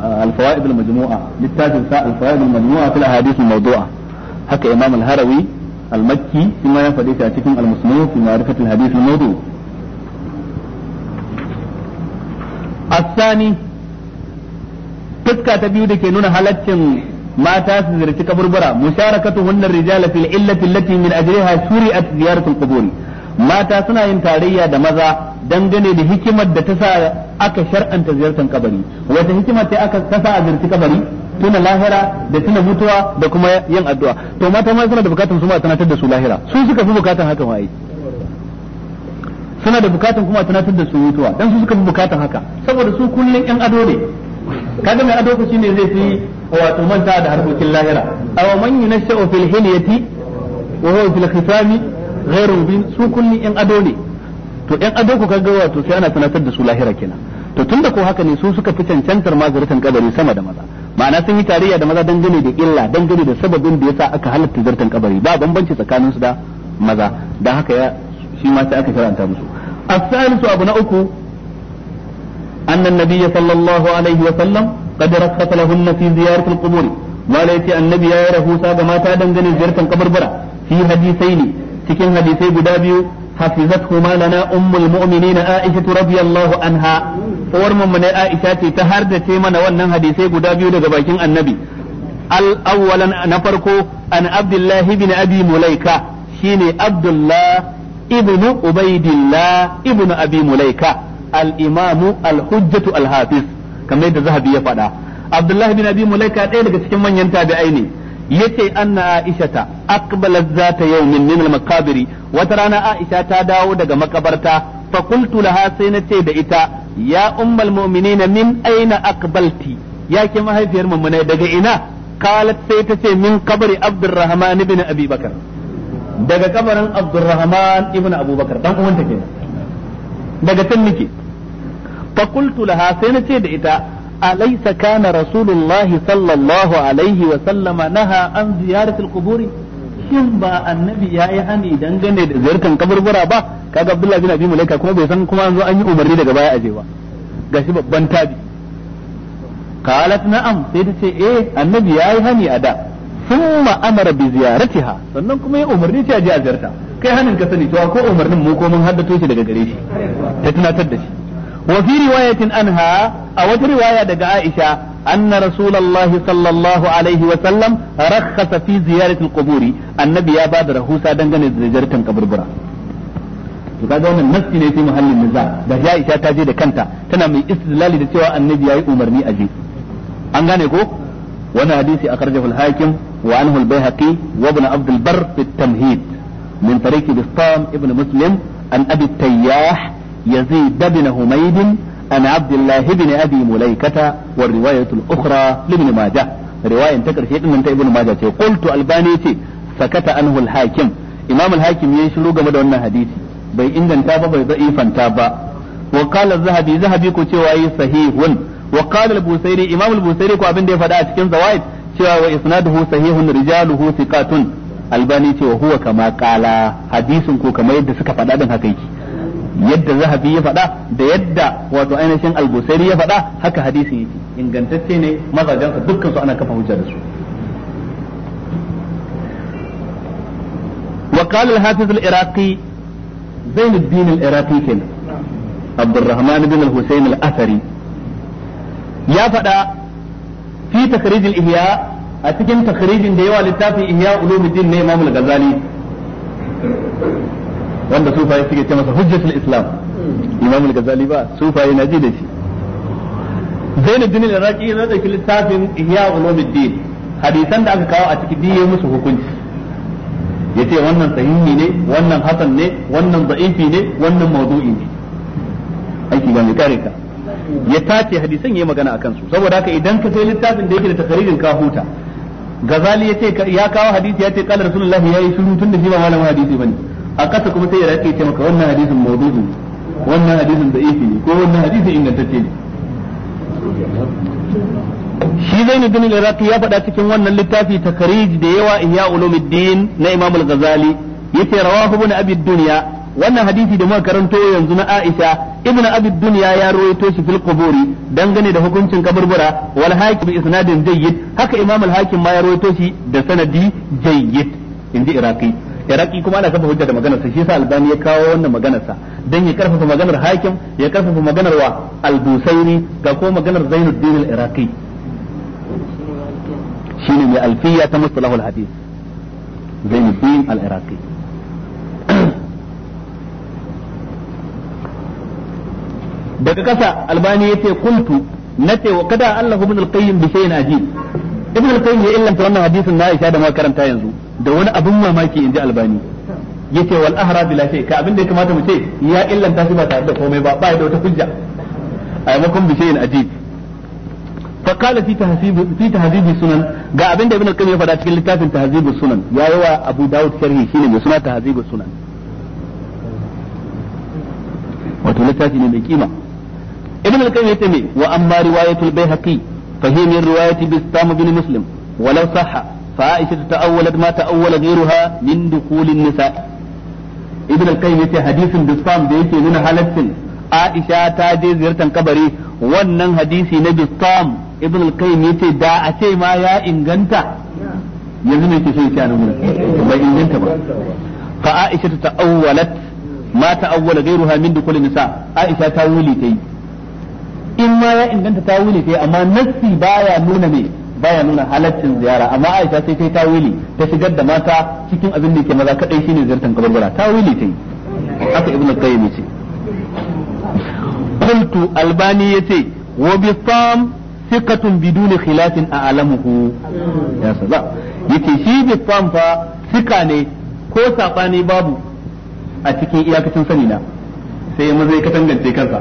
al-fawaid al-majmu'a littafin sa al-fawaid al-majmu'a fil ahadith al-mawdu'a haka imam al-harawi al-makki kuma ya faɗe a cikin al-musnad fi ma'rifat al-hadith al-mawdu' الثاني fuska ta biyu da ke nuna halaccin mata su zirci kaburbura musharakatu hunnar rijala fil illati allati min ajriha shuri'at ziyaratul qubur mata suna yin tarayya da maza dangane da hikimar da ta sa aka shar'anta ziyartar kabari wata hikimar ce aka ta sa a zirci kabari tuna lahira da tuna mutuwa da kuma yin addu'a to mata ma suna da bukatun su ma tunatar da su lahira su suka fi bukatun haka ma suna da bukatun kuma tunatar da su mutuwa dan su suka fi bukatun haka saboda su kullun yan ado ne kaga mai ado shine zai fi wato manta da harkokin lahira aw man yunashu fil hilyati wa huwa fil khitami ghairu bin su in ado ne to in ado ku kaga wato sai ana sanatar da su lahira kenan to tunda ko haka ne su suka fi cancantar zartan kabari sama da maza ma'ana sun yi tarayya da maza dangane da illa dangane da sababin da yasa aka halatta zartan kabari ba bambanci su da maza dan haka ya shi ma sai aka karanta musu abu na uku. أن النبي صلى الله عليه وسلم قد رخص لهن في زيارة القبور wala yace annabi ya rahusa ga mata dangane ziyartar kabarbara fi hadisai ne. cikin hadisai guda biyu hafizathuma lana ummul mu'minin aisha radhiyallahu anha uwar mu aisha ce ta har da ce mana wannan hadisai guda biyu daga bakin annabi al awwalan na farko an abdullah bin abi mulaika shine abdullah Ibnu ubaidillah Ibnu abi mulaika al-imamu al-hujjatu al-hafiz kamar yadda zahabi ya faɗa abdullahi bin abi mulaika ɗaya daga cikin manyan tabi'ai ne yace anna aishata aqbalat ta yau min al-maqabiri wata rana aisha ta dawo daga makabarta fakultu qultu laha sai da ita ya ummul mu'minina min aina aqbalti ya ke mahaifiyar mu'mina daga ina qalat sai tace min kabari abdurrahman ibn abi bakar daga kabarin abdurrahman ibn abubakar dan uwanta kenan daga can nake fa laha sai na ce da ita alaysa kana rasulullahi sallallahu alaihi wa sallama naha an ziyaratil quburi shin ba annabi ya yi hani dangane da ziyartar kaburbura ba kaga abdullahi bin abi mulaika kuma bai san kuma an zo an yi umarni daga baya aje ba gashi babban tabi qalat na'am sai ta ce eh annabi ya yi hani a da thumma amara bi ziyaratiha sannan kuma ya umarni ta je a ziyarta kai hannun ka sani to ko umarnin mu ko mun haddato shi daga gare shi tunatar da shi wa fi riwayatin anha a wata riwaya daga Aisha anna rasulullahi sallallahu alaihi wa sallam rakhasa fi ziyarati alquburi annabi ya bada rahusa dangane da ziyartar kaburbura to kaga wannan nasti ne fi muhallin niza da Aisha ta je da kanta tana mai istidlali da cewa annabi yayi umarni aje an gane ko wannan hadisi akhrajahu al-hakim wa anhu al-baihaqi wa ibn abd al-barr fi at-tamhid من طريق بسطام ابن مسلم عن أبي التياح يزيد بن هميد عن عبد الله بن أبي مليكة والرواية الأخرى لابن ماجه رواية تكر في من ابن ماجه قلت ألباني سكت عنه الحاكم إمام الحاكم يشرو قبل أن حديثي بي إن تاب بي ضعيفا تاب وقال الذهبي ذهبي كو صحيح وقال البوسيري إمام البوسيري كو أبن دي فدأت كن زوايد شوى واسناده صحيح رجاله ثقات albani cewa huwa kama kala hadisin ko kamar yadda suka faɗa din haka yake yadda zahabi ya faɗa da yadda wato ainihin albusairi ya faɗa haka hadisin yake ingantacce ne mazajensa dukkan su ana kafa hujja da su وقال الحافظ العراقي زين الدين العراقي كان عبد الرحمن بن الحسين الأثري يا فدا في تخريج الإحياء a cikin takrijin da yawa littafin ihya ulumuddin na imam al-ghazali wanda sufaye suke ce masa hujjatul islam imam al-ghazali ba sufaye na ji da shi zainuddin al-iraqi na da littafin ihya ulumuddin hadisan da aka kawo a ciki diye musu hukunci yace wannan sahihi ne wannan hasan ne wannan da'ifi ne wannan mawdu'i ne aiki ba mai kare ka ya tace hadisan yayi magana akan su saboda haka idan ka sai littafin da yake da takaririn ka huta gazali yace ya kawo hadisi ya yace qala rasulullahi yayi shiru da shi ba malamin hadisi bane a kasa kuma sai ya rake ce maka wannan hadisin mawdu'i wannan hadisin da'ifi ne ko wannan hadisin ingantacce ne shi zai bin al-iraqi ya faɗa cikin wannan littafi takarij da yawa ihya ulumuddin na imam al-ghazali yace rawahu ibn abi dunya wannan hadisi da muka karanto yanzu na Aisha ibn Abi Dunya ya rawaito shi fil quburi dangane da hukuncin kaburbura wal hakim bi isnadin jayyid haka Imam al Hakim ma ya rawaito shi da sanadi jayyid inji Iraqi Iraki kuma ana kafa hujja da maganar sa shi yasa Albani ya kawo wannan maganar sa dan ya karfafa maganar Hakim ya karfafa maganar wa Al-Busairi ga ko maganar Zainuddin al-Iraqi shine mai alfiya ta mustalahul hadith Zainuddin al-Iraqi daga kasa albani ya ce kuntu nace wa kada Allahu ibn al-qayyim bi shay'in ajib ibn al-qayyim ya illanta wannan hadisin na Aisha da muka karanta yanzu da wani abun mamaki inji albani yace wal ahra bila shay ka abin da ya kamata mu ce ya illanta shi ba tare da komai ba ba da wata hujja ay makum bi shay'in ajib fa qala fi tahzib fi tahzib sunan ga abin da ibn al ya faɗa cikin littafin tahzib sunan ya yi wa abu daud sharhi shine mai suna tahzib sunan wato littafi ne mai kima ibn al-qayyim yace me wa amma riwayatul bayhaqi fa hiya min riwayati bistam bin muslim walau sahha fa aisha ta'awwalat ma ta'awwala ghayruha min dukhulin nisa ibn al-qayyim yace hadisin bistam da yake nuna halaccin aisha ta ziyartar kabari wannan hadisi na bistam ibn al-qayyim yace da a ce ma ya inganta yanzu ne ke so ya ce bai inganta ba fa aisha ta'awwalat ma ta'awwala ghayruha min dukhulin nisa aisha ta wuli tayi in ma ya inganta tawili sai amma nassi baya nuna me baya nuna halaccin ziyara amma Aisha sai ta tawili ta shigar da mata cikin abin da ke maza kadai shine ziyartar kaburbura tawili tai haka ibnu qayyim yace qultu albani yace wa bi tam thiqatun biduni khilafin a'lamuhu ya sala yace shi bi fa sika ne ko sabani babu a cikin iyakacin sani na sai ya kansa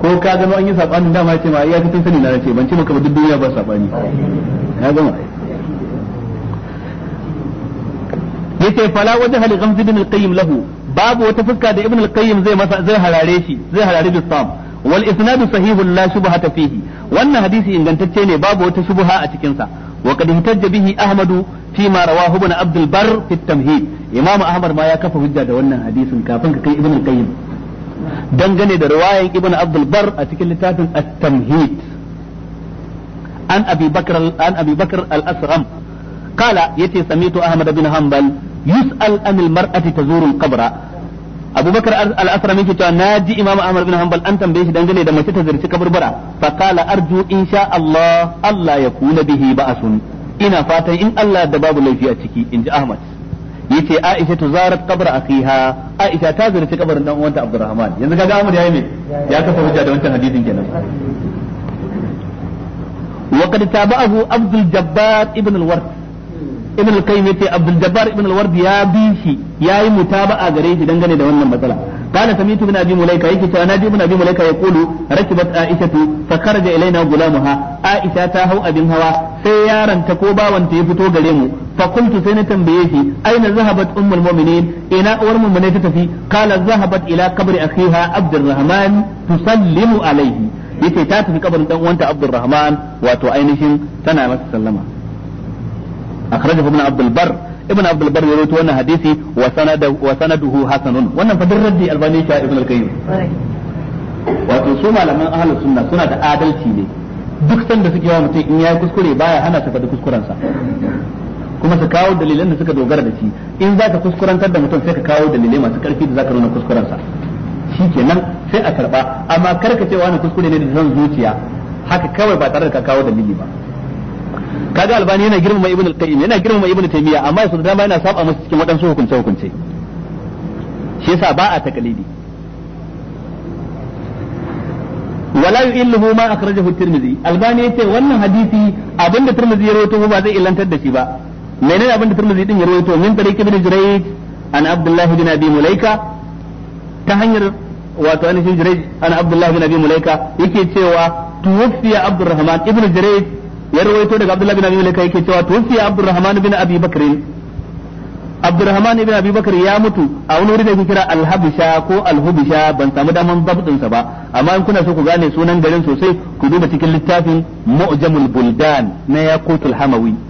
ko ka gano an yi sabanin dama ya ce ma ya fitin sani na ce ban ce maka ba duk duniya ba sabani ya gama yace fala wajha li ghamz ibn al-qayyim lahu babu wata fuska da ibn al-qayyim zai masa zai harare shi zai harare bi sam wal isnadu sahihun la shubhata fihi wannan hadisi ingantacce ne babu wata shubha a cikin sa wa qad ihtajja bihi ahmadu fi ma rawahu ibn abd al-barr fi at-tamhid imam ahmad ma ya kafa hujja da wannan hadisin kafin ka kai ibn al-qayyim dangane da riwayan ibn abdul bar a cikin littafin at-tamhid an abi bakr an abi bakr al-asram qala yace samitu ahmad bin hanbal yus'al an al-mar'ati tazuru al-qabra abu bakr al-asram yake cewa naji imam ahmad bin hanbal an tambaye shi dangane da mace ta zirci kaburbura fa qala arju insha Allah Allah ya kuna bihi ba'asun ina fatan in Allah da babu laifi a ciki inji ahmad yace Aisha tu zarat qabra akhiha Aisha ta ziyarci kabarin dan uwanta Abdurrahman yanzu kaga Amr yayi me ya kafa hujja da wancan hadisin kenan wa qad tabahu Abdul Jabbar ibn al-Ward ibn al-Qayyim yace Abdul Jabbar ibn al-Ward ya bi shi yayi mutaba'a gare shi dangane da wannan matsala قال سميت ابن ابي مليكه يكي تو ناجي ابن ابي مليكه يقول ركبت عائشه فخرج الينا غلامها عائشه تا هو ابن هوا sai yaron ta ko bawan ta ya fito gare mu fa qultu sai na tambaye shi aina zahabat ummul mu'minin ina uwar mu'mine ta tafi qala zahabat ila qabri akhiha abdurrahman tusallimu alayhi yace ta tafi kabarin dan uwanta abdurrahman wato ainihin tana masa sallama akhrajahu ibn abdul bar ibn abdul bar yawaito wannan hadisi wa sanadu wannan fa dirraddi albani sha ibn al-qayyim wato su malaman ahlus sunna suna da adalci ne duk sanda suke wa mutum in kuskure baya hana ta kuskurensa kuma su kawo dalilan da suka dogara da shi in za ka kuskurantar da mutum sai ka kawo dalilai masu karfi da za ka nuna kuskurensa shi kenan sai a karba amma kar ka ce wani kuskure ne da zan zuciya haka kawai ba tare da ka kawo dalili ba kaga albani yana girmama ibnu al-qayyim yana girmama ibnu taymiya amma da dama yana saba masa cikin wadansu hukunce hukunce shi yasa ba a takalidi wala yu'illuhu ma akhrajahu at-tirmidhi albani yace wannan hadisi abinda tirmidhi ya rawaito ba zai illantar da shi ba menene abin da Tirmidhi din ya rawaito min tariqi ibn Jurayj an Abdullah bin Abi Mulaika ta hanyar wato an anishin Jurayj an Abdullah bin Abi Mulaika yake cewa tuwaffiya Abdurrahman ibn Jurayj ya rawaito daga Abdullah bin Abi Mulaika yake cewa tuwaffiya Abdurrahman bin Abi Bakr Abdurrahman ibn Abi Bakr ya mutu a wani wuri da yake kira Al-Habsha ko Al-Hubsha ban samu daman zabdin sa ba amma in kuna so ku gane sunan garin sosai ku duba cikin littafin Mu'jamul Buldan na Yaqutul Hamawi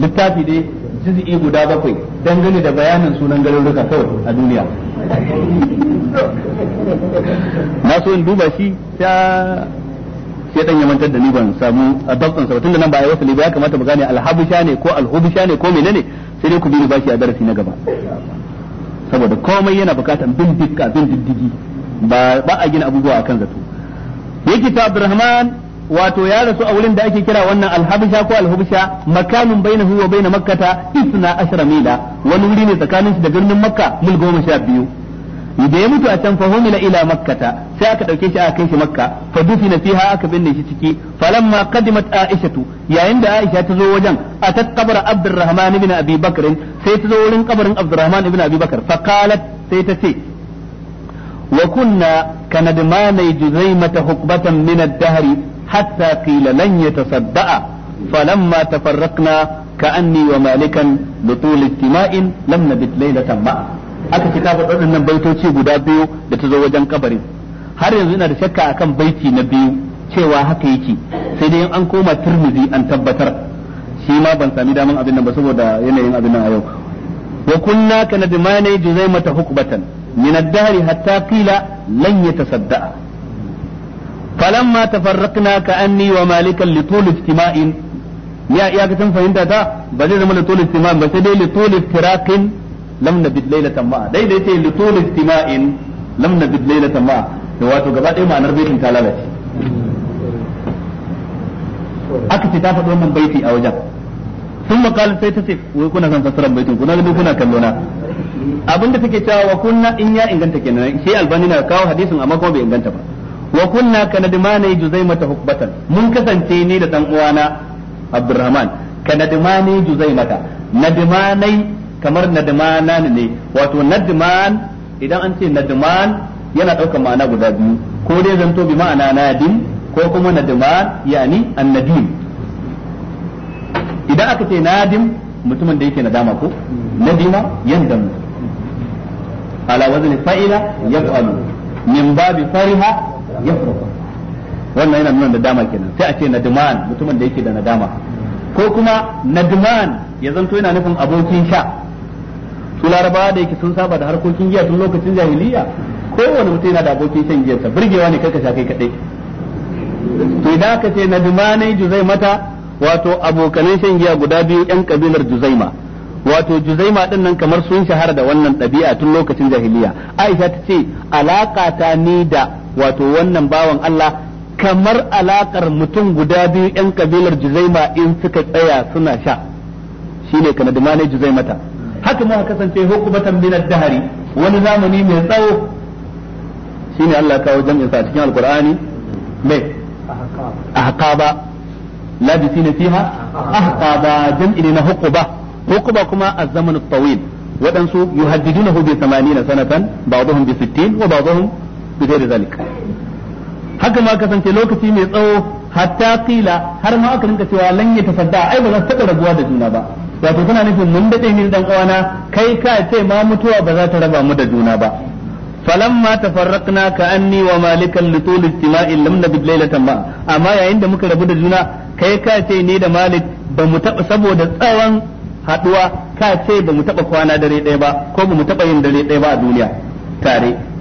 littafi dai juz'i guda bakwai dangane da bayanin sunan garuruka kawai a duniya na so in duba shi ta sai dan yamantar da ni ban samu adabtan sa da nan ba a yi wasu ba ya kamata mu gane Alhabusha ne ko alhubusha ne ko menene sai dai ku bi ni bashi a darasi na gaba saboda komai yana bukatan bin dukka bin diddigi ba a gina abubuwa a kan zato yake ta Abdurrahman wato ya rasu a wurin da ake kira wannan alhabsha ko alhubsha makamin bainahu wa baina makkata isna ashra mila wani wuri ne tsakanin shi da birnin makka mil goma sha biyu da ya mutu a can fa humila ila makkata sai aka dauke shi aka kai shi makka fa dufina fiha aka binne shi ciki falamma qadimat aishatu yayin da aisha ta zo wajen atat qabra abdurrahman ibn abi bakr sai ta zo wurin kabarin abdurrahman ibn abi bakr fa qalat sai ta ce wa kunna kanadmanai juzaimata hukbatan min ad حتى قيل لن يتصدأ فلما تفرقنا كأني ومالكا بطول اجتماع لم نبت ليلة معا aka ci kafa waɗannan baitoci guda biyu da ta zo wajen kabarin har yanzu ina da shakka akan baiti na biyu cewa haka yake sai dai an koma turmizi an tabbatar shi ma ban sami daman abin nan ba saboda yanayin abin nan a yau wa kunna kana dimane juzaimata hukbatan min ad-dahr hatta kila lanyata sadda'a. falamma tafarraqna ka anni wa malikan li tul istima'in ya iya ka san fahimta ta ba zai zama li tul istima'in ba sai dai li tul iftiraqin lam nabid laylatan ma dai dai sai li tul istima'in lam nabid laylatan ma wato gaba ɗaya ma'anar baitin ta lalace aka ta faɗo wannan baiti a wajen sun makal sai ta ce na take cewa wa kunna in ya inganta kenan shi albani na kawo hadisin amma kuma bai inganta ba wa kunna kanadmani juzaimata hukbatan mun kasance ni da dan uwana abdurrahman kanadmani juzaimata nadmani kamar nadmanan ne wato nadman idan an ce nadman yana daukar ma'ana guda biyu ko dai zanto bi ma'ana nadim ko kuma nadman yani annadim idan aka ce nadim mutumin da yake nadama ko nadima yandamu ala wazni fa'ila yaf'alu min babi fariha yafrahu wannan yana nuna nadama kenan sai a ce nadman mutumin da yake da nadama ko kuma nadman ya zanto yana nufin abokin sha su larabawa da yake sun saba da harkokin giya tun lokacin jahiliya kowane mutum yana da abokin shan giyarsa burgewa ne karka sha kai kadai to idan aka ce nadmanai juzaimata wato abokanan shan giya guda biyu yan kabilar juzaima wato juzaima din nan kamar sun shahara da wannan ɗabi'a tun lokacin jahiliya aisha ta ce alaka ta ni da wato wannan bawan Allah kamar alakar mutum guda biyu yan kabilar Juzaima in suka tsaya suna sha shine kana da mane Juzaimata haka muka kasance hukumatan min ad wani zamani mai tsawo shine Allah kawo jami'in sa cikin alqur'ani mai ahqaba labisina fiha ahqaba jam'i ne na hukuba huquba kuma az-zaman at-tawil waɗansu yuhaddidunahu bi 80 sanatan ba'dhum bi 60 wa ba'dhum bi da zalika haka ma kasance lokaci mai tsawo hatta kila har ma aka rinka cewa lan ya tafadda ai ba za su taɓa rabuwa da juna ba wato tana nufin mun daɗe ni dan kawana kai ka ce ma mutuwa ba za ta raba mu da juna ba falamma tafarraqna ka anni wa malikan litul istima'i lam nabid laylatan ma amma yayin da muka rabu da juna kai ka ce ni da malik ba mu taɓa saboda tsawon haɗuwa ka ce ba mu taɓa kwana dare ɗaya ba ko ba mu taɓa yin dare ɗaya ba a duniya tare